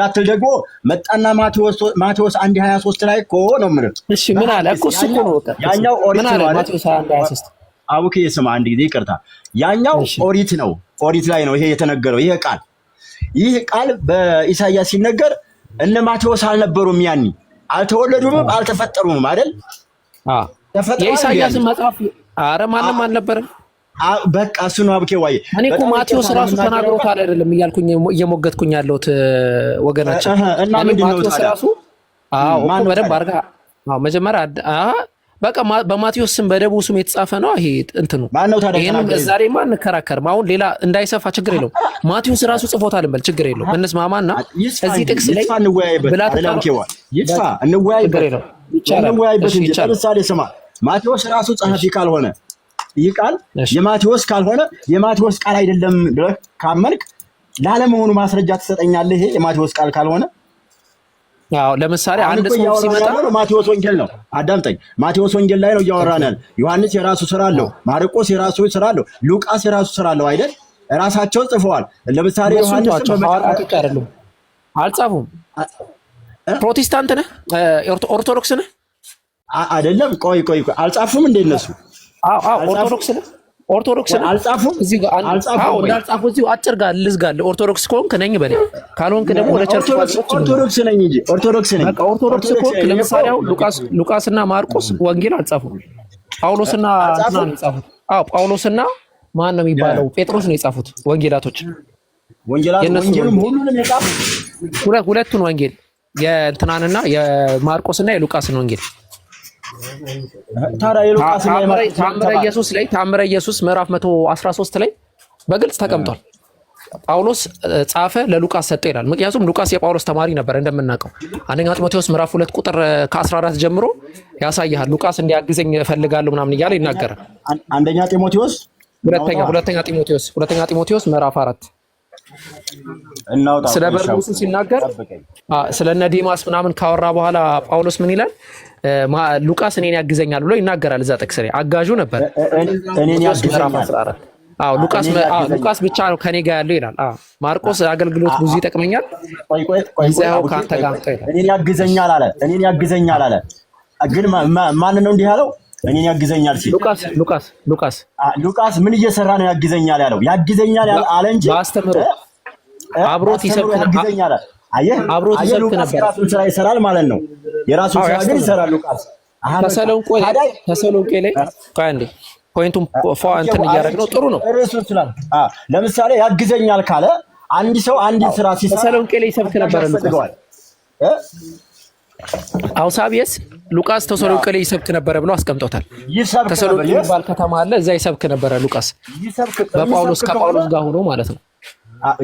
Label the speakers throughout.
Speaker 1: ያትል ደግሞ መጣና ማቴዎስ አንድ ሀያ ሶስት ላይ እኮ ነው የምልህ።
Speaker 2: እሺ ምን አለ እኮ እሱ እኮ ነው
Speaker 1: ያኛው ኦሪት ማለት አቡኬ ስማ፣ አንድ ጊዜ ይቅርታ፣ ያኛው ኦሪት ነው ኦሪት ላይ ነው ይሄ የተነገረው ይሄ ቃል ይህ ቃል በኢሳያስ ሲነገር እነ ማቴዎስ አልነበሩም፣ ያኒ አልተወለዱምም፣ አልተፈጠሩምም አይደል?
Speaker 2: የኢሳያስን መጽሐፍ አረ ማንም አልነበረም።
Speaker 1: በቃ እሱ ነው አብኬ ዋዬ።
Speaker 2: እኔ እኮ ማቴዎስ ራሱ ተናግሮታል አይደለም እያልኩኝ እየሞገትኩኝ ያለሁት ወገናችን።
Speaker 1: እና ምንድን ነው ራሱ
Speaker 2: በደንብ አድርጋ መጀመሪያ በቃ በማቴዎስ ስም በደቡብ ስም የተጻፈ ነው። ይሄ እንትኑ ይህንም ማ እንከራከርም። አሁን ሌላ እንዳይሰፋ ችግር የለው። ማቴዎስ ራሱ ጽፎታል እንበል ችግር የለው። የለውም። እንስማማና
Speaker 1: እዚህ ጥቅስ ላይ ብላ ለምሳሌ ስማ ማቴዎስ ራሱ ጸሐፊ ካልሆነ ይህ ቃል የማቴዎስ ካልሆነ የማቴዎስ ቃል አይደለም ብለህ ካመልክ ላለመሆኑ ማስረጃ ትሰጠኛለህ። ይሄ የማቴዎስ ቃል ካልሆነ
Speaker 2: አዎ ለምሳሌ አንድ
Speaker 1: ሰው ሲመጣ ማቴዎስ ወንጌል ነው። አዳምጠኝ። ማቴዎስ ወንጌል ላይ ነው እያወራን ያለ። ዮሐንስ የራሱ ስራ አለው፣ ማርቆስ የራሱ ስራ አለው፣ ሉቃስ የራሱ ስራ አለው አይደል? ራሳቸው ጽፈዋል። ለምሳሌ
Speaker 2: ዮሐንስ አልጻፉም። ፕሮቴስታንት ነህ? ኦርቶዶክስ ነህ?
Speaker 1: አይደለም። ቆይ ቆይ ቆይ፣ አልጻፉም እንደ እነሱ
Speaker 2: ኦርቶዶክስ ነህ ኦርቶዶክስ አልጻፉም። እዚህ እንዳልጻፉ እዚሁ አጭር ጋር ልዝጋለሁ። ኦርቶዶክስ ከሆንክ ነኝ ካልሆንክ ደግሞ ወደ ቸርች
Speaker 1: ኦርቶዶክስ ነኝ እንጂ ኦርቶዶክስ ነኝ።
Speaker 2: ኦርቶዶክስ ከሆንክ ለምሳሌ አሁን ሉቃስና ማርቆስ ወንጌል አልጻፉም። ጳውሎስና አዎ ጳውሎስና ማን ነው የሚባለው? ጴጥሮስ ነው የጻፉት ወንጌላቶች። ሁለቱን ወንጌል የእንትናንና የማርቆስና የሉቃስን ወንጌል ታምረ ኢየሱስ ላይ ታምረ ኢየሱስ ምዕራፍ 113 ላይ በግልጽ ተቀምጧል። ጳውሎስ ጻፈ ለሉቃስ ሰጠ ይላል። ምክንያቱም ሉቃስ የጳውሎስ ተማሪ ነበር እንደምናውቀው። አንደኛ ጢሞቴዎስ ምዕራፍ 2 ቁጥር ከ14 ጀምሮ ያሳያል። ሉቃስ እንዲያግዘኝ እፈልጋለሁ ምናምን እያለ ይናገራል።
Speaker 1: አንደኛ ጢሞቴዎስ
Speaker 2: ሁለተኛ ሁለተኛ ጢሞቴዎስ ሁለተኛ ጢሞቴዎስ ምዕራፍ አራት ስለ በርጉስ ሲናገር ስለ ዲማስ ምናምን ካወራ በኋላ ጳውሎስ ምን ይላል? ሉቃስ እኔን ያግዘኛል ብሎ ይናገራል። እዛ ጥቅስ ላይ አጋዡ ነበር። ሉቃስ ብቻ ነው ከኔ ጋር ያለው ይላል። ማርቆስ አገልግሎት ብዙ ይጠቅመኛል፣ ይዘኸው ከአንተ ጋር አምጣው
Speaker 1: ይላል። እኔን ያግዘኛል አለ። ግን ማን ነው እንዲህ ያለው? እኔን ያግዘኛል ሲል ሉቃስ ሉቃስ ምን እየሰራ ነው ያግዘኛል ያለው? ያግዘኛል
Speaker 2: አለ እንጂ አብሮት ይሰብክ
Speaker 1: አየህ አብሮ ይሰብክ ነበር። የራሱን ስራ ይሰራል ማለት ነው። የራሱን ስራ ግን ይሰራል ሉቃስ።
Speaker 2: ተሰሎንቄ ላይ ተሰሎንቄ ላይ ቆይ አንዴ ፖይንቱን ፎ እንትን ነው። ጥሩ ነው።
Speaker 1: ራሱን ስራ አ ለምሳሌ ያግዘኛል ካለ አንድ ሰው አንድ ስራ ሲሰራ
Speaker 2: ተሰሎንቄ ላይ ይሰብክ ነበር ሉቃስ እ አውሳቢየስ ሉቃስ ተሰሎንቄ ላይ ይሰብክ ነበረ ብሎ አስቀምጦታል። ተሰሎንቄ የሚባል ከተማ አለ፣ እዛ ይሰብክ ነበረ ሉቃስ በጳውሎስ ከጳውሎስ ጋር ሆኖ ማለት ነው።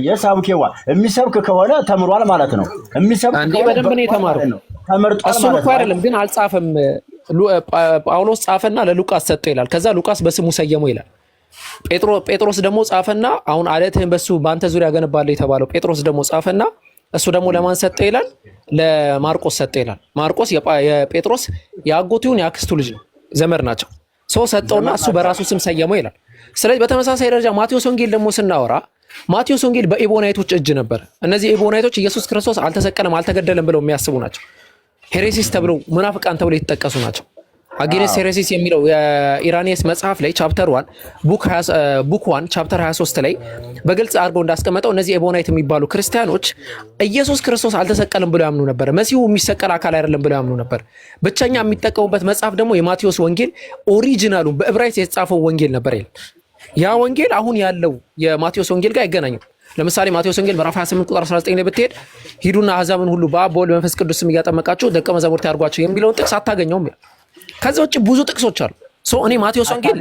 Speaker 1: የሳቡኬ የሚሰብክ ከሆነ ተምሯል ማለት ነው።
Speaker 2: የሚሰብክ በደንብ ነው የተማረው ተመርጧል ማለት አይደለም ግን አልጻፈም። ጳውሎስ ጻፈና ለሉቃስ ሰጠው ይላል። ከዛ ሉቃስ በስሙ ሰየመው ይላል። ጴጥሮስ ደግሞ ጻፈና አሁን አለትህን በሱ በአንተ ዙሪያ ገነባለሁ የተባለው ጴጥሮስ ደግሞ ጻፈና እሱ ደግሞ ለማን ሰጠ ይላል? ለማርቆስ ሰጠ ይላል። ማርቆስ የጴጥሮስ የአጎቱ ይሁን የአክስቱ ልጅ ነው፣ ዘመድ ናቸው። ሰው ሰጠውና እሱ በራሱ ስም ሰየመው ይላል። ስለዚህ በተመሳሳይ ደረጃ ማቴዎስ ወንጌል ደግሞ ስናወራ ማቴዎስ ወንጌል በኢቦናይቶች እጅ ነበር። እነዚህ ኢቦናይቶች ኢየሱስ ክርስቶስ አልተሰቀለም አልተገደለም ብለው የሚያስቡ ናቸው። ሄሬሲስ ተብለው ምናፍቃን ተብለው የተጠቀሱ ናቸው። አጌኔስ ሄሬሲስ የሚለው የኢራኔስ መጽሐፍ ላይ ቻፕተር ዋን ቡክ ዋን ቻፕተር 23 ላይ በግልጽ አድርጎ እንዳስቀመጠው እነዚህ ኤቦናይት የሚባሉ ክርስቲያኖች ኢየሱስ ክርስቶስ አልተሰቀልም ብለው ያምኑ ነበር። መሲሁ የሚሰቀል አካል አይደለም ብለው ያምኑ ነበር። ብቸኛ የሚጠቀሙበት መጽሐፍ ደግሞ የማቴዎስ ወንጌል ኦሪጂናሉ በዕብራይስጥ የተጻፈው ወንጌል ነበር ይል ያ ወንጌል አሁን ያለው የማቴዎስ ወንጌል ጋር አይገናኝም። ለምሳሌ ማቴዎስ ወንጌል ምዕራፍ 28 ቁጥር 19 ላይ ብትሄድ ሂዱና አሕዛብን ሁሉ በአብ በወልድ በመንፈስ ቅዱስ እያጠመቃችሁ ደቀ መዛሙርት ያድርጓቸው የሚለውን ጥቅስ አታገኘውም። ከዛ ውጭ ብዙ ጥቅሶች አሉ። እኔ ማቴዎስ ወንጌል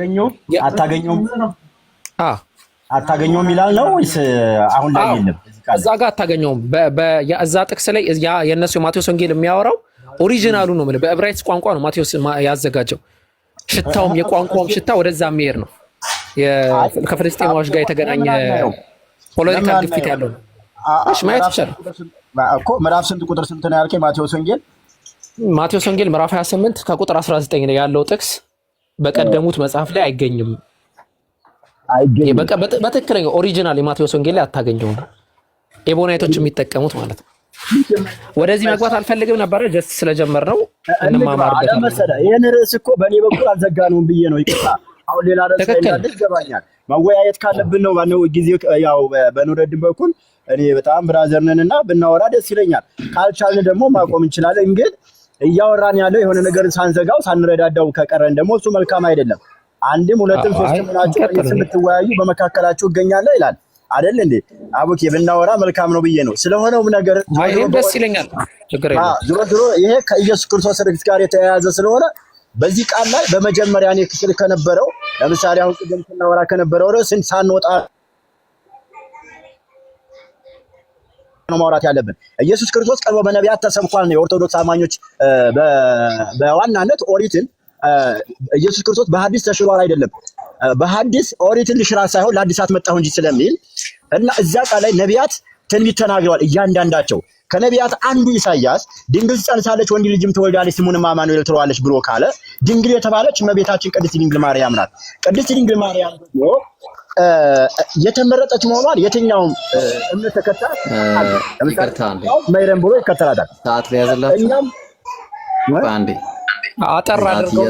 Speaker 1: አታገኘውም ይላል ነው ወይስ አሁን ላይ የለም?
Speaker 2: እዛ ጋር አታገኘውም። እዛ ጥቅስ ላይ የእነሱ የማቴዎስ ወንጌል የሚያወራው ኦሪጂናሉ ነው፣ በዕብራይስጥ ቋንቋ ነው ማቴዎስ ያዘጋጀው። ሽታውም የቋንቋውም ሽታ ወደዛ የሚሄድ ነው። ከፍልስጤማዎች ጋር የተገናኘ ፖለቲካ ግፊት ያለው ማየት ይቻላል
Speaker 1: እኮ። ምዕራፍ ስንት ቁጥር ስንት ነው ያልከኝ? ማቴዎስ ወንጌል
Speaker 2: ማቴዎስ ወንጌል ምዕራፍ 28 ከቁጥር 19 ነው ያለው ጥቅስ በቀደሙት መጽሐፍ ላይ አይገኝም። በትክክለኛ ኦሪጂናል የማቴዎስ ወንጌል ላይ አታገኘውም። ኤቦናይቶች የሚጠቀሙት ማለት ነው። ወደዚህ መግባት አልፈልግም ነበረ፣ ጀስት ስለጀመር ነው
Speaker 1: እንማማርበት። ይህን ርዕስ እኮ በእኔ በኩል አልዘጋነውም ብዬ ነው ይቅርታ አሁን ሌላ ርዕስ እንዳለ ይገባኛል። መወያየት ካለብን ነው ባነው ጊዜ ያው በኑረድን በኩል እኔ በጣም ብራዘር ነን እና ብናወራ ደስ ይለኛል። ካልቻልን ደግሞ ማቆም እንችላለን። ግን እያወራን ያለው የሆነ ነገር ሳንዘጋው ሳንረዳዳው ከቀረን ደግሞ እሱ መልካም አይደለም። አንድም ሁለትም ሶስትም ናቸው የምትወያዩ በመካከላቸው እገኛለሁ ይላል አይደል እንዴ? አቡኬ ብናወራ መልካም ነው ብዬ ነው። ስለሆነውም ነገር ደስ ይለኛል። ዞሮ ዞሮ ይሄ ከኢየሱስ ክርስቶስ ርግት ጋር የተያያዘ ስለሆነ በዚህ ቃል ላይ በመጀመሪያ እኔ ክፍል ከነበረው ለምሳሌ አሁን ቅድም ስናወራ ከነበረው ርዕስ ሳንወጣ ነው ማውራት ያለብን። ኢየሱስ ክርስቶስ ቀርቦ በነቢያት ተሰብኳል ነው የኦርቶዶክስ አማኞች በዋናነት ኦሪትን ኢየሱስ ክርስቶስ በሐዲስ ተሽሯል አይደለም፣ በሐዲስ ኦሪትን ልሽራ ሳይሆን ለአዲሳት መጣሁ እንጂ ስለሚል እና እዛ ቃል ላይ ነቢያት ትንቢት ተናግረዋል። እያንዳንዳቸው ከነቢያት አንዱ ኢሳያስ ድንግል ጸንሳለች ወንድ ልጅም ትወልዳለች ስሙንም አማኑኤል ትለዋለች ብሎ ካለ ድንግል የተባለች እመቤታችን ቅድስት ድንግል ማርያም ናት። ቅድስት ድንግል ማርያም ደግሞ የተመረጠች መሆኗን የትኛውም
Speaker 2: እምነት ተከታይ
Speaker 1: መይረን ብሎ ይከተላታል።
Speaker 2: ሰዓት እኛም አጠር አድርገው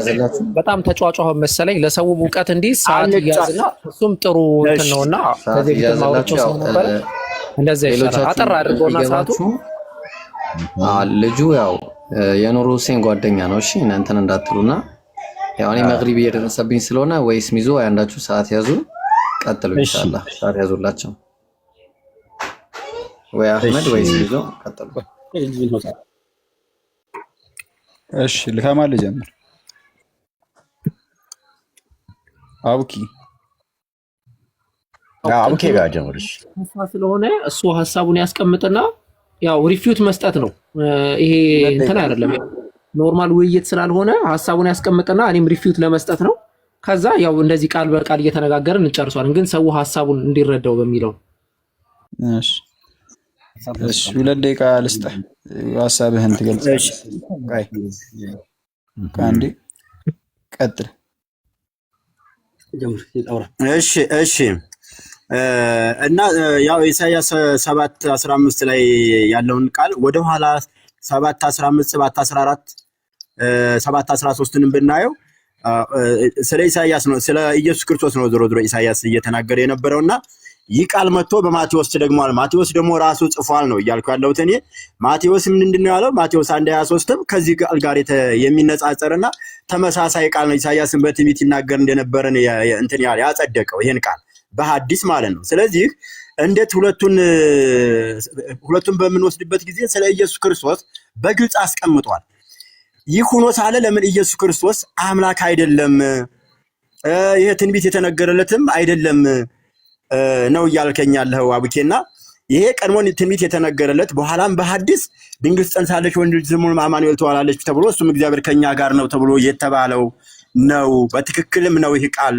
Speaker 2: በጣም ተጫጫሁ መሰለኝ፣ ለሰውም እውቀት እንዲህ ሰዓት እያዝና እሱም ጥሩ እንትን ነውና ከዚህ ግጥማዎቹ ሰው ነበር እንደዚያ ይሻላል። አጠር አድርጎና ሰዓቱ ልጁ ያው የኑሩ ሁሴን ጓደኛ ነው። እሺ እናንተን እንዳትሉና ያው እኔ መግሪብ እየደረሰብኝ ስለሆነ ወይስ ሚዞ ያንዳችሁ ሰዓት ያዙ፣ ቀጥሉ። ኢንሻአላህ ሰዓት ያዙላቸው ወይ አህመድ ወይስ ሚዞ ቀጥሉ። እሺ ልካማ ልጀምር አቡኪ ስለሆነ እሱ ሀሳቡን ያስቀምጥና ያው ሪፊዩት መስጠት ነው። ይሄ እንትን አይደለም ኖርማል ውይይት ስላልሆነ ሀሳቡን ያስቀምጥና እኔም ሪፊዩት ለመስጠት ነው። ከዛ ያው እንደዚህ ቃል በቃል እየተነጋገርን እንጨርሷለን። ግን ሰው ሀሳቡን እንዲረዳው በሚለው ሁለት ደቂቃ ልስጥህ፣ ሀሳብህን ትገልጻለህ። ከአንዴ ቀጥል።
Speaker 1: እሺ እሺ እና ያው ኢሳያስ ሰባት አስራ አምስት ላይ ያለውን ቃል ወደኋላ ሰባት አስራ አምስት ሰባት አስራ አራት ሰባት አስራ ሶስትንም ብናየው ስለ ኢሳያስ ነው ስለ ኢየሱስ ክርስቶስ ነው ዞሮ ዞሮ ኢሳያስ እየተናገረ የነበረው እና ይህ ቃል መጥቶ በማቴዎስ ደግሟል። ማቴዎስ ደግሞ ራሱ ጽፏል ነው እያልኩ ያለሁት እኔ። ማቴዎስ ምንድን ነው ያለው? ማቴዎስ አንድ ሀያ ሶስትም ከዚህ ቃል ጋር የሚነጻጸርና ተመሳሳይ ቃል ነው። ኢሳያስን በትንቢት ይናገር እንደነበረን እንትን ያጸደቀው ይህን ቃል በሐዲስ ማለት ነው። ስለዚህ እንዴት ሁለቱን ሁለቱን በምንወስድበት ጊዜ ስለ ኢየሱስ ክርስቶስ በግልጽ አስቀምጧል። ይህ ሆኖ ሳለ ለምን ኢየሱስ ክርስቶስ አምላክ አይደለም? ይሄ ትንቢት የተነገረለትም አይደለም ነው እያልከኝ ያለው አቡኬና ይሄ ቀድሞን ትንቢት የተነገረለት በኋላም በሐዲስ ድንግል ትጸንሳለች ወንድ ልጅ ስሙንም አማኑኤል ተብሎ እሱም እግዚአብሔር ከኛ ጋር ነው ተብሎ የተባለው ነው። በትክክልም ነው ይህ ቃል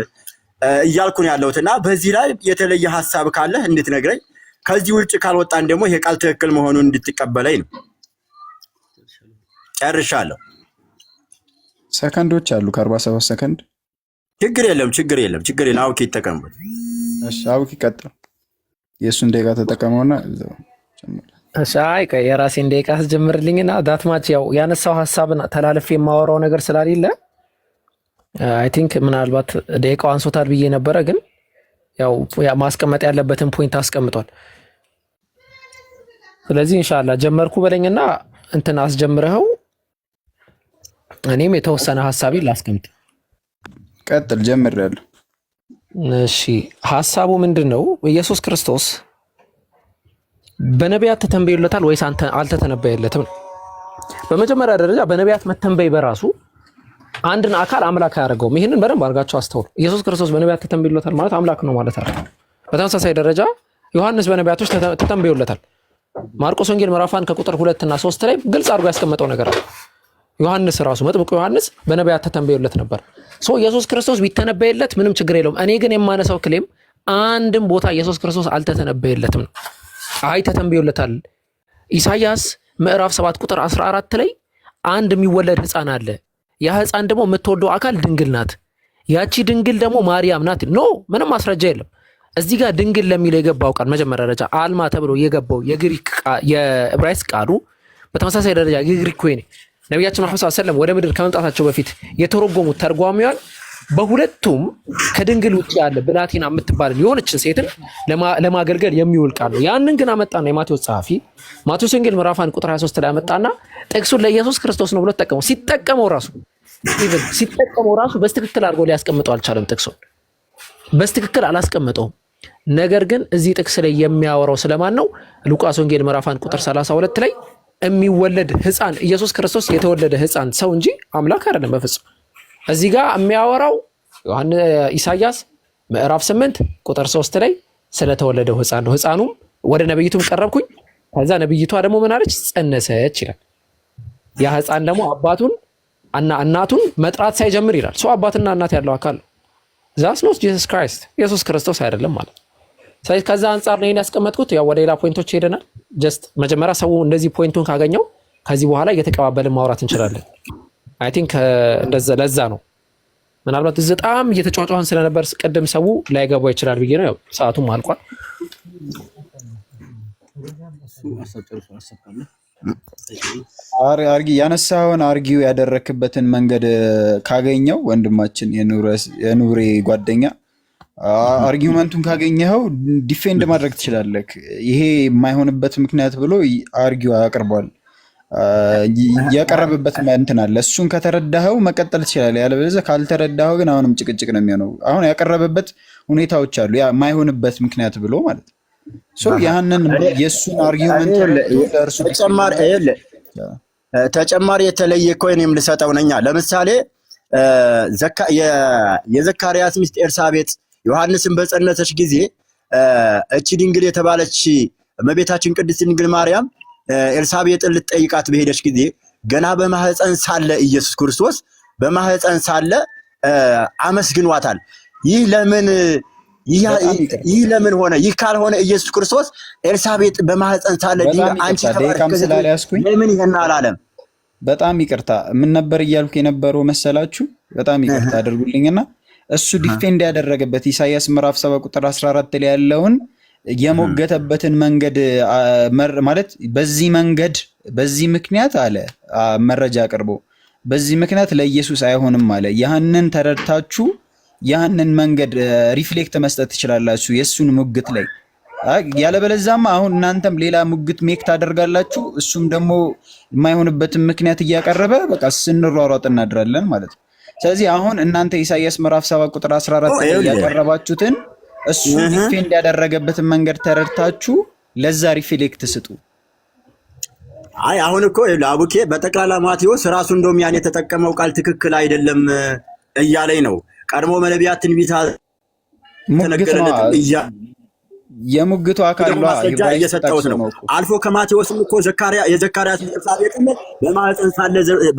Speaker 1: እያልኩ ነው ያለሁት እና በዚህ ላይ የተለየ ሀሳብ ካለህ እንድትነግረኝ፣ ከዚህ ውጭ ካልወጣን ደግሞ ይሄ ቃል ትክክል መሆኑን እንድትቀበለኝ ነው። ጨርሻለሁ።
Speaker 2: ሰከንዶች አሉ ከአርባ ሰባት ሰከንድ
Speaker 1: ችግር የለም፣ ችግር የለም፣ ችግር የለም። አውኪ ይጠቀምበት።
Speaker 2: እሺ አውኪ ቀጥል። የእሱን ደቂቃ ተጠቀመውና የራሴን ደቂቃ አስጀምርልኝና ዳትማች ያው ያነሳው ሀሳብ ተላልፌ የማወራው ነገር ስላሌለ አይ ቲንክ ምናልባት ደቂቃው አንሶታል ብዬ ነበረ፣ ግን ያው ማስቀመጥ ያለበትን ፖይንት አስቀምጧል። ስለዚህ እንሻላ ጀመርኩ በለኝና እንትን አስጀምረኸው እኔም የተወሰነ ሀሳቢ ላስቀምጥ። ቀጥል፣ ጀምር ያለ። እሺ ሀሳቡ ምንድን ነው? ኢየሱስ ክርስቶስ በነቢያት ተተንበይለታል ወይስ አልተተነበየለትም? በመጀመሪያ ደረጃ በነቢያት መተንበይ በራሱ አንድን አካል አምላክ አያደርገውም። ይህንን በደንብ አድርጋቸው አስተውሉ። ኢየሱስ ክርስቶስ በነቢያት ተተንብዮለታል ማለት አምላክ ነው ማለት አለ። በተመሳሳይ ደረጃ ዮሐንስ በነቢያቶች ተተንብዮለታል። ማርቆስ ወንጌል ምዕራፋን ከቁጥር ሁለት እና ሶስት ላይ ግልጽ አድርጎ ያስቀመጠው ነገር አለ። ዮሐንስ ራሱ መጥምቁ ዮሐንስ በነቢያት ተተንብዮለት ነበር። ሶ ኢየሱስ ክርስቶስ ቢተነበየለት ምንም ችግር የለውም። እኔ ግን የማነሳው ክሌም አንድም ቦታ ኢየሱስ ክርስቶስ አልተተነበየለትም ነው። አይ ተተንብዮለታል። ኢሳያስ ምዕራፍ ሰባት ቁጥር 14 ላይ አንድ የሚወለድ ህፃን አለ ያ ህፃን ደግሞ የምትወልደው አካል ድንግል ናት። ያቺ ድንግል ደግሞ ማርያም ናት። ኖ ምንም ማስረጃ የለም። እዚህ ጋር ድንግል ለሚለው የገባው ቃል መጀመሪያ ደረጃ አልማ ተብሎ የገባው የግሪክ የዕብራይስ ቃሉ በተመሳሳይ ደረጃ የግሪክ ወይኔ ነቢያችን መሐመድ ሰለም ወደ ምድር ከመምጣታቸው በፊት የተረጎሙት ተርጓሚዋን በሁለቱም ከድንግል ውጭ ያለ ብላቴና የምትባል የሆነችን ሴትን ለማገልገል የሚውል ቃል ነው። ያንን ግን አመጣና የማቴዎስ ጸሐፊ ማቴዎስ ወንጌል ምዕራፍ አንድ ቁጥር 23 ላይ አመጣና ጥቅሱን ለኢየሱስ ክርስቶስ ነው ብሎ ተጠቀመው። ሲጠቀመው ራሱ ሲጠቀመው ራሱ በስትክክል አድርጎ ሊያስቀምጠው አልቻለም። ጥቅሱን በስትክክል አላስቀምጠውም። ነገር ግን እዚህ ጥቅስ ላይ የሚያወራው ስለማን ነው? ሉቃስ ወንጌል ምዕራፍ አንድ ቁጥር 32 ላይ የሚወለድ ህፃን ኢየሱስ ክርስቶስ የተወለደ ህፃን ሰው እንጂ አምላክ አይደለም በፍጹም እዚህ ጋር የሚያወራው ኢሳያስ ምዕራፍ ስምንት ቁጥር ሶስት ላይ ስለተወለደው ህፃን ነው። ህፃኑም ወደ ነብይቱም ቀረብኩኝ፣ ከዛ ነብይቷ ደግሞ ምን አለች? ጸነሰች ይላል። ያ ህፃን ደግሞ አባቱን እና እናቱን መጥራት ሳይጀምር ይላል። ሰው አባትና እናት ያለው አካል ነው። ዛስ ኖት ጂሰስ ክራይስት ኢየሱስ ክርስቶስ አይደለም ማለት ስለዚህ ከዛ አንጻር ነው ይህን ያስቀመጥኩት። ያው ወደ ሌላ ፖይንቶች ሄደናል። ጀስት መጀመሪያ ሰው እንደዚህ ፖይንቱን ካገኘው ከዚህ በኋላ እየተቀባበልን ማውራት እንችላለን። አይ ቲንክ እንደዛ ለዛ ነው ምናልባት በጣም እየተጫጫን ስለነበር ቅድም ሰው ላይገባው ይችላል ብዬ ነው። ሰዓቱም አልቋል።
Speaker 1: አርጊ ያነሳውን አርጊው ያደረክበትን መንገድ ካገኘው ወንድማችን የኑሬ ጓደኛ አርጊመንቱን ካገኘኸው ዲፌንድ ማድረግ ትችላለህ። ይሄ የማይሆንበት ምክንያት ብሎ አርጊው አቅርቧል። የቀረበበት እንትን አለ። እሱን ከተረዳኸው መቀጠል ትችላለህ። ያለበለዚያ ካልተረዳኸው ግን አሁንም ጭቅጭቅ ነው የሚሆነው። አሁን ያቀረበበት ሁኔታዎች አሉ፣ ያ የማይሆንበት ምክንያት ብሎ ማለት ነው። ያንን የእሱን አርጊመንት ተጨማሪ የተለየ ኮይን የምልሰጠው ነኛ። ለምሳሌ የዘካርያስ ሚስት ኤልሳቤጥ ዮሐንስን በጸነሰች ጊዜ እቺ ድንግል የተባለች እመቤታችን ቅድስት ድንግል ማርያም ኤልሳቤጥን ልትጠይቃት በሄደች ጊዜ ገና በማህፀን ሳለ ኢየሱስ ክርስቶስ በማህፀን ሳለ አመስግኗታል። ይህ ለምን ይህ ለምን ሆነ? ይህ ካልሆነ ኢየሱስ ክርስቶስ ኤልሳቤጥ በማህፀን ሳለ አንቺ ለምን ይህን አላለም?
Speaker 2: በጣም ይቅርታ። ምን ነበር እያልኩ የነበረው መሰላችሁ? በጣም ይቅርታ አድርጉልኝና እሱ ዲፌንድ ያደረገበት ኢሳያስ ምዕራፍ 7 ቁጥር 14 ላይ ያለውን የሞገተበትን መንገድ ማለት በዚህ መንገድ በዚህ ምክንያት አለ መረጃ አቅርቦ በዚህ ምክንያት ለኢየሱስ አይሆንም አለ። ያንን ተረድታችሁ ያንን መንገድ ሪፍሌክት መስጠት ትችላላችሁ የእሱን ሙግት ላይ። ያለበለዛማ አሁን እናንተም ሌላ ሙግት ሜክ ታደርጋላችሁ፣ እሱም ደግሞ የማይሆንበትን ምክንያት እያቀረበ በቃ ስንሯሯጥ እናድራለን ማለት ነው። ስለዚህ አሁን እናንተ ኢሳያስ ምዕራፍ 7 ቁጥር 14 ያቀረባችሁትን እሱ ሪፌ ያደረገበትን መንገድ ተረድታችሁ ለዛ ሪፍሌክት ስጡ።
Speaker 1: አይ አሁን እኮ አቡኬ በጠቅላላ ማቴዎስ ራሱ እንደውም ያን የተጠቀመው ቃል ትክክል አይደለም እያለኝ ነው። ቀድሞ መነቢያት ትንቢታ
Speaker 2: የሙግቱ አካል
Speaker 1: እየሰጠሁት ነው። አልፎ ከማቴዎስም እኮ የዘካርያስ ኤልሳቤጥ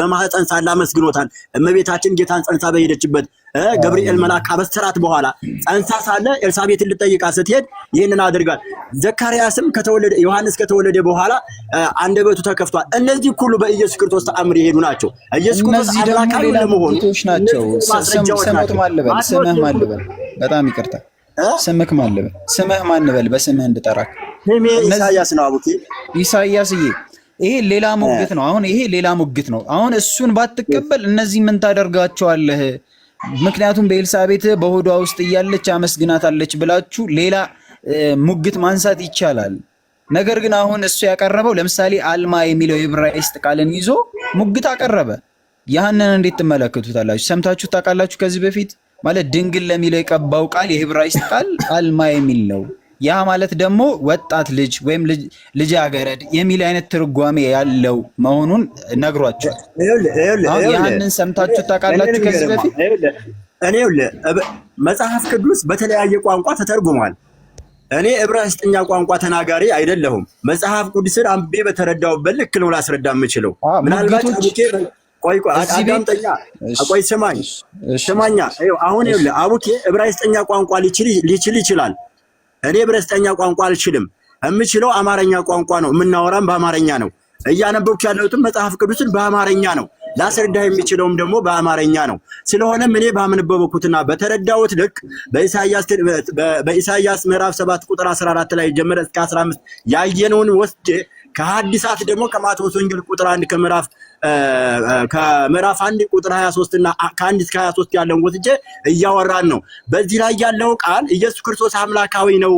Speaker 1: በማህፀን ሳለ አመስግኖታል። እመቤታችን ጌታን ጸንሳ በሄደችበት ገብርኤል መልአክ ካበሰራት በኋላ ጸንሳ ሳለ ኤልሳቤትን ልጠይቃት ስትሄድ ይህንን አድርጋል። ዘካርያስም ከተወለደ ዮሐንስ ከተወለደ በኋላ አንደበቱ ተከፍቷል። እነዚህ ሁሉ በኢየሱስ ክርስቶስ ተአምር የሄዱ ናቸው።
Speaker 2: ኢየሱስ ክርስቶስ አምላካዊ ለመሆኑ ናቸው። ስምህ ማለበል ስምህ ማለበል በጣም ይቅርታ ስምህ ማለበል ስምህ ማንበል፣ በስምህ እንድጠራክ
Speaker 1: ስሜ ኢሳያስ ነው። አቡኬ
Speaker 2: ኢሳያስዬ ይሄ ሌላ ሙግት ነው። አሁን ይሄ ሌላ ሙግት ነው። አሁን እሱን ባትቀበል እነዚህ ምን ታደርጋቸዋለህ? ምክንያቱም በኤልሳቤት በሆዷ ውስጥ እያለች አመስግናታለች ብላችሁ ሌላ ሙግት ማንሳት ይቻላል። ነገር ግን አሁን እሱ ያቀረበው ለምሳሌ አልማ የሚለው የዕብራይስጥ ቃልን ይዞ ሙግት አቀረበ። ያህንን እንዴት ትመለከቱታላችሁ? ሰምታችሁ ታውቃላችሁ ከዚህ በፊት ማለት ድንግል ለሚለው የቀባው ቃል የዕብራይስጥ ቃል አልማ የሚል ነው። ያ ማለት ደግሞ ወጣት ልጅ ወይም ልጃገረድ የሚል አይነት ትርጓሜ ያለው መሆኑን ነግሯቸዋል። ያንን ሰምታችሁ ታውቃላችሁ ከዚህ በፊት?
Speaker 1: እኔ መጽሐፍ ቅዱስ በተለያየ ቋንቋ ተተርጉሟል። እኔ ዕብራይስጥኛ ቋንቋ ተናጋሪ አይደለሁም። መጽሐፍ ቅዱስን አንቤ በተረዳሁበት ልክ ነው ላስረዳ የምችለው። ምናልባት ቆይ ስማኝ ስማኛ። አሁን አቡኬ ዕብራይስጥኛ ቋንቋ ሊችል ይችላል እኔ ብረስተኛ ቋንቋ አልችልም። የምችለው አማርኛ ቋንቋ ነው። የምናወራም በአማርኛ ነው። እያነበብኩ ያለሁትም መጽሐፍ ቅዱስን በአማርኛ ነው። ላስረዳ የሚችለውም ደግሞ በአማርኛ ነው። ስለሆነም እኔ ባመነበብኩትና በተረዳሁት ልክ በኢሳያስ ምዕራፍ 7 ቁጥር 14 ላይ ጀምረ እስከ 15 ያየነውን ወስጄ ከሐዲሳት ደግሞ ከማቴዎስ ወንጌል ቁጥር አንድ ከምዕራፍ ከምዕራፍ አንድ ቁጥር 23 እና ከአንድ እስከ 23 ያለውን ወስጄ እያወራን ነው። በዚህ ላይ ያለው ቃል ኢየሱስ ክርስቶስ አምላካዊ ነው።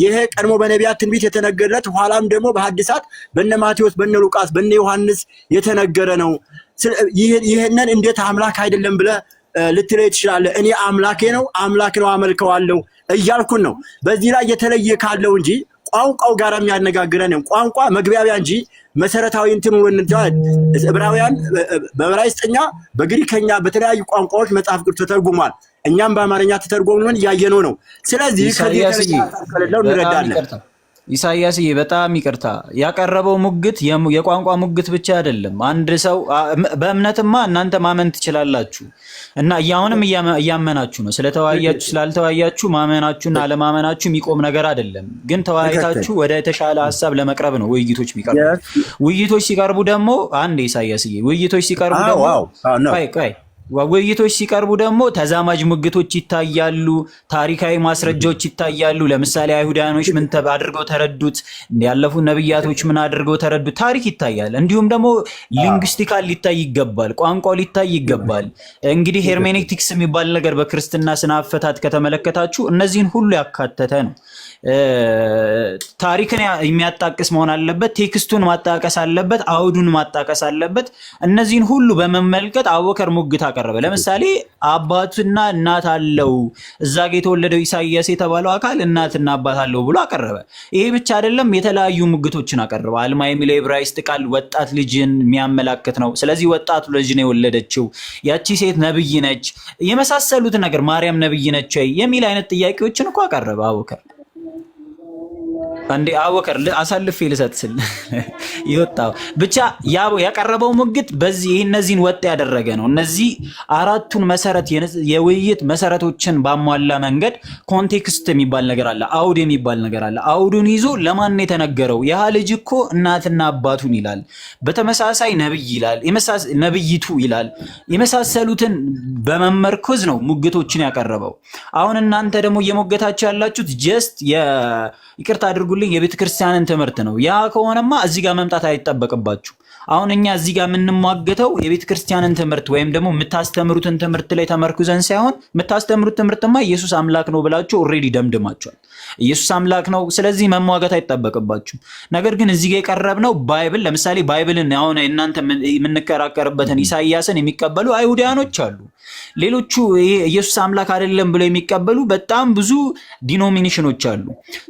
Speaker 1: ይሄ ቀድሞ በነቢያት ትንቢት የተነገረለት ኋላም ደግሞ በሐዲሳት በነ ማቴዎስ፣ በነ ሉቃስ፣ በነ ዮሐንስ የተነገረ ነው። ይህንን እንዴት አምላክ አይደለም ብለ ልትለይ ትችላለህ። እኔ አምላኬ ነው አምላክ ነው አመልከዋለሁ እያልኩን ነው። በዚህ ላይ የተለየ ካለው እንጂ ቋንቋው ጋር የሚያነጋግረን ቋንቋ መግቢያቢያ እንጂ መሰረታዊ እንትን ዕብራውያን በዕብራይስጥኛ በግሪከኛ በተለያዩ ቋንቋዎች መጽሐፍ ቅዱስ ተተርጉሟል። እኛም በአማርኛ ተተርጎምን እያየነው ነው። ስለዚህ
Speaker 2: ከዚህ የተለየ እንረዳለን። ኢሳያስዬ በጣም ይቅርታ ያቀረበው ሙግት የቋንቋ ሙግት ብቻ አይደለም። አንድ ሰው በእምነትማ እናንተ ማመን ትችላላችሁ እና አሁንም እያመናችሁ ነው። ስለተወያያችሁ ስላልተወያያችሁ ማመናችሁና አለማመናችሁ የሚቆም ነገር አይደለም። ግን ተወያይታችሁ ወደ የተሻለ ሀሳብ ለመቅረብ ነው ውይይቶች የሚቀርቡ። ውይይቶች ሲቀርቡ ደግሞ አንድ ኢሳያስዬ ውይይቶች ሲቀርቡ ደግሞ ውይይቶች ሲቀርቡ ደግሞ ተዛማጅ ሙግቶች ይታያሉ፣ ታሪካዊ ማስረጃዎች ይታያሉ። ለምሳሌ አይሁዳኖች ምን አድርገው ተረዱት፣ ያለፉ ነብያቶች ምን አድርገው ተረዱት፣ ታሪክ ይታያል። እንዲሁም ደግሞ ሊንግስቲካል ሊታይ ይገባል፣ ቋንቋው ሊታይ ይገባል። እንግዲህ ሄርሜኔቲክስ የሚባል ነገር በክርስትና ስነ አፈታት ከተመለከታችሁ እነዚህን ሁሉ ያካተተ ነው። ታሪክን የሚያጣቅስ መሆን አለበት። ቴክስቱን ማጣቀስ አለበት። አውዱን ማጣቀስ አለበት። እነዚህን ሁሉ በመመልከት አቡበከር ሙግት አቀረበ። ለምሳሌ አባትና እናት አለው እዛ ጋ የተወለደው ኢሳያስ የተባለው አካል እናትና አባት አለው ብሎ አቀረበ። ይሄ ብቻ አይደለም፣ የተለያዩ ሙግቶችን አቀረበ። አልማ የሚለው ዕብራይስጥ ቃል ወጣት ልጅን የሚያመላክት ነው። ስለዚህ ወጣቱ ልጅ ነው የወለደችው፣ ያቺ ሴት ነብይ ነች፣ የመሳሰሉት ነገር ማርያም ነብይ ነች የሚል አይነት ጥያቄዎችን እኮ አቀረበ አቡበከር። እንዴ አወከር አሳልፌ ልሰጥ ስል ይወጣው ብቻ ያው ያቀረበው ሙግት በዚህ እነዚህን ወጥ ያደረገ ነው። እነዚህ አራቱን መሰረት የውይይት መሰረቶችን ባሟላ መንገድ ኮንቴክስት የሚባል ነገር አለ፣ አውድ የሚባል ነገር አለ። አውዱን ይዞ ለማን የተነገረው ያ ልጅ እኮ እናትና አባቱን ይላል፣ በተመሳሳይ ነብይ ይላል፣ ነብይቱ ይላል፣ የመሳሰሉትን በመመርኮዝ ነው ሙግቶችን ያቀረበው። አሁን እናንተ ደግሞ እየሞገታችሁ ያላችሁት ጀስት ይቅርታ አድርጉልኝ ሁሌ የቤተ ክርስቲያንን ትምህርት ነው። ያ ከሆነማ እዚህ ጋር መምጣት አይጠበቅባችሁ። አሁን እኛ እዚህ ጋር የምንሟገተው የቤተ ክርስቲያንን ትምህርት ወይም ደግሞ የምታስተምሩትን ትምህርት ላይ ተመርኩዘን ሳይሆን የምታስተምሩት ትምህርትማ ኢየሱስ አምላክ ነው ብላችሁ ኦልሬዲ ደምድማችኋል። ኢየሱስ አምላክ ነው፣ ስለዚህ መሟገት አይጠበቅባችሁም። ነገር ግን እዚህ ጋር የቀረብነው ባይብል ለምሳሌ ባይብልን አሁን እናንተ የምንከራከርበትን ኢሳይያስን የሚቀበሉ አይሁዳያኖች አሉ ሌሎቹ ይሄ ኢየሱስ አምላክ አይደለም ብለው የሚቀበሉ በጣም ብዙ ዲኖሚኔሽኖች አሉ።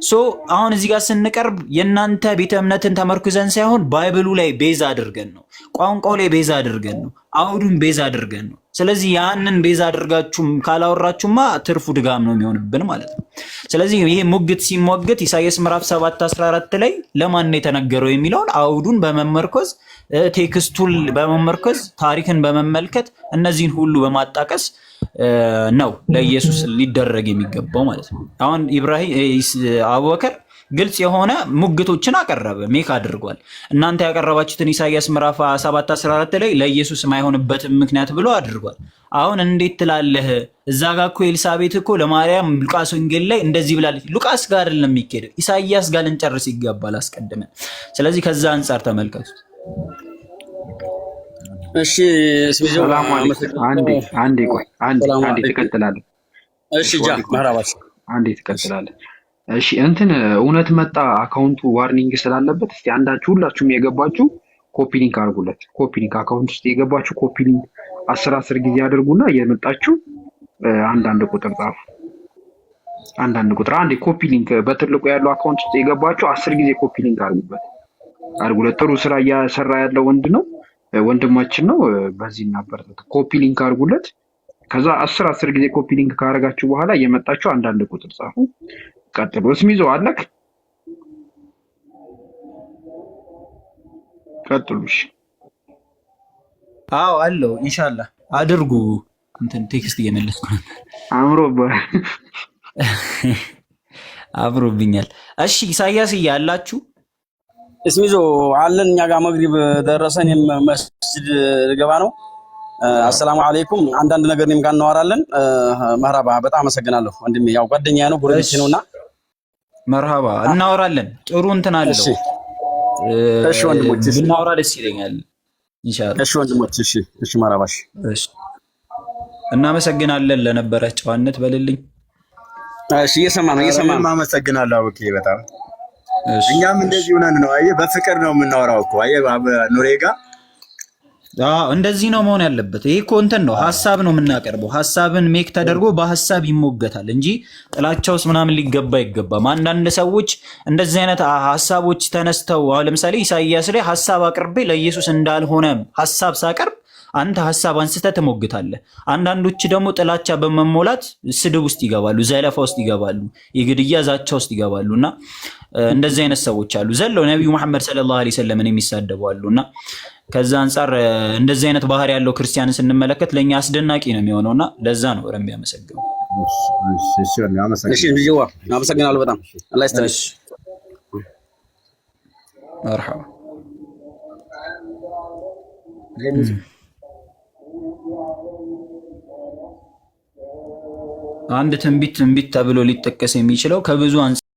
Speaker 2: ሶ አሁን እዚህ ጋር ስንቀርብ የእናንተ ቤተ እምነትን ተመርኩዘን ሳይሆን ባይብሉ ላይ ቤዛ አድርገን ነው፣ ቋንቋው ላይ ቤዛ አድርገን ነው፣ አውዱን ቤዛ አድርገን ነው። ስለዚህ ያንን ቤዛ አድርጋችሁም ካላወራችሁማ ትርፉ ድጋም ነው የሚሆንብን ማለት ነው። ስለዚህ ይሄ ሙግት ሲሞግት ኢሳያስ ምዕራፍ 7 14 ላይ ለማን ነው የተነገረው የሚለውን አውዱን በመመርኮዝ ቴክስቱን በመመርኮዝ ታሪክን በመመልከት እነዚህን ሁሉ በማ ማጣቀስ ነው ለኢየሱስ ሊደረግ የሚገባው ማለት ነው። አሁን ኢብራሂም አቡበከር ግልጽ የሆነ ሙግቶችን አቀረበ፣ ሜክ አድርጓል። እናንተ ያቀረባችሁትን ኢሳያስ ምዕራፍ 7 14 ላይ ለኢየሱስ የማይሆንበትም ምክንያት ብሎ አድርጓል። አሁን እንዴት ትላለህ? እዛ ጋር እኮ ኤልሳቤት እኮ ለማርያም ሉቃስ ወንጌል ላይ እንደዚህ ብላለች። ሉቃስ ጋር አይደለም የሚካሄደው ኢሳያስ ጋር ልንጨርስ ይገባል አስቀድመን። ስለዚህ ከዛ አንጻር ተመልከቱት። እሺ ሰላም አንዴ አንዴ ቆይ አንዴ አንዴ ትቀጥላለህ።
Speaker 1: እሺ ጃ መራባት
Speaker 2: አንዴ ትቀጥላለህ። እሺ እንትን እውነት መጣ አካውንቱ ዋርኒንግ ስላለበት እስቲ አንዳችሁ ሁላችሁም የገባችሁ ኮፒ ሊንክ አድርጉለት። ኮፒ ሊንክ አካውንት ውስጥ የገባችሁ ኮፒ ሊንክ አስር አስር ጊዜ አድርጉና የመጣችሁ አንዳንድ ቁጥር ጻፉ። አንዳንድ ቁጥር አንዴ ኮፒ ሊንክ በትልቁ ያለው አካውንት ውስጥ የገባችሁ አስር ጊዜ ኮፒ ሊንክ አድርጉበት አድርጉለት። ጥሩ ስራ እያሰራ ያለው ወንድ ነው። ወንድማችን ነው። በዚህ እናበረታት። ኮፒ ሊንክ አድርጉለት። ከዛ አስር አስር ጊዜ ኮፒ ሊንክ ካደረጋችሁ በኋላ እየመጣችሁ አንዳንድ ቁጥር ጻፉ። ቀጥሎ ስም ይዘው አለክ ቀጥሉሽ። አዎ አለው። ኢንሻላ አድርጉ። እንትን ቴክስት እየመለስ አምሮ አምሮብኛል። እሺ ኢሳያስ እያላችሁ
Speaker 1: እስሚዞ አለን እኛ ጋር መግሪብ ደረሰን። መስጅድ ልገባ ነው። አሰላሙ አለይኩም። አንዳንድ ነገር እኔም ጋር እናወራለን። መርሃባ፣ በጣም አመሰግናለሁ ወንድሜ። ያው ጓደኛ ነው ጎረቤት ነውና
Speaker 2: መርሃባ፣ እናወራለን። ጥሩ እንትን አለ።
Speaker 1: እሺ ወንድሞች፣ እሺ እናወራ፣ ደስ ይለኛል። ኢንሻአላህ። እሺ ወንድሞች፣ እሺ፣ እሺ፣ መርሃባ፣
Speaker 2: እሺ። እናመሰግናለን ለነበረ ጨዋነት በልልኝ።
Speaker 1: እሺ፣ እየሰማ ነው፣ እየሰማ ነው። እናመሰግናለሁ አቡኪ በጣም እኛም እንደዚህ ሆነን ነው አየህ፣ በፍቅር ነው የምናወራው እኮ አየህ፣ ኑሬ ጋር
Speaker 2: እንደዚህ ነው መሆን ያለበት። ይሄ እኮ እንትን ነው ሀሳብ ነው የምናቀርበው። ሀሳብን ሜክ ተደርጎ በሀሳብ ይሞገታል እንጂ ጥላቻ ውስጥ ምናምን ሊገባ አይገባም። አንዳንድ ሰዎች እንደዚህ አይነት ሀሳቦች ተነስተው አሁን ለምሳሌ ኢሳያስ ላይ ሀሳብ አቅርቤ ለኢየሱስ እንዳልሆነ ሀሳብ ሳቀርብ አንተ ሀሳብ አንስተ ትሞግታለህ። አንዳንዶች ደግሞ ጥላቻ በመሞላት ስድብ ውስጥ ይገባሉ፣ ዘለፋ ውስጥ ይገባሉ፣ የግድያ ዛቻ ውስጥ ይገባሉ እና እንደዚህ አይነት ሰዎች አሉ። ዘለው ነቢዩ መሐመድ ሰለላሁ ዐለይሂ ወሰለምን የሚሳደቡ አሉ። እና ከዛ አንጻር እንደዚህ አይነት ባህሪ ያለው ክርስቲያንን ስንመለከት ለእኛ አስደናቂ ነው የሚሆነው። እና ለዛ ነው ረም ያመሰግኑ።
Speaker 1: አመሰግናለሁ በጣም አላህ ይስጥልሽ።
Speaker 2: መርሐባ አንድ ትንቢት ትንቢት ተብሎ ሊጠቀስ የሚችለው ከብዙ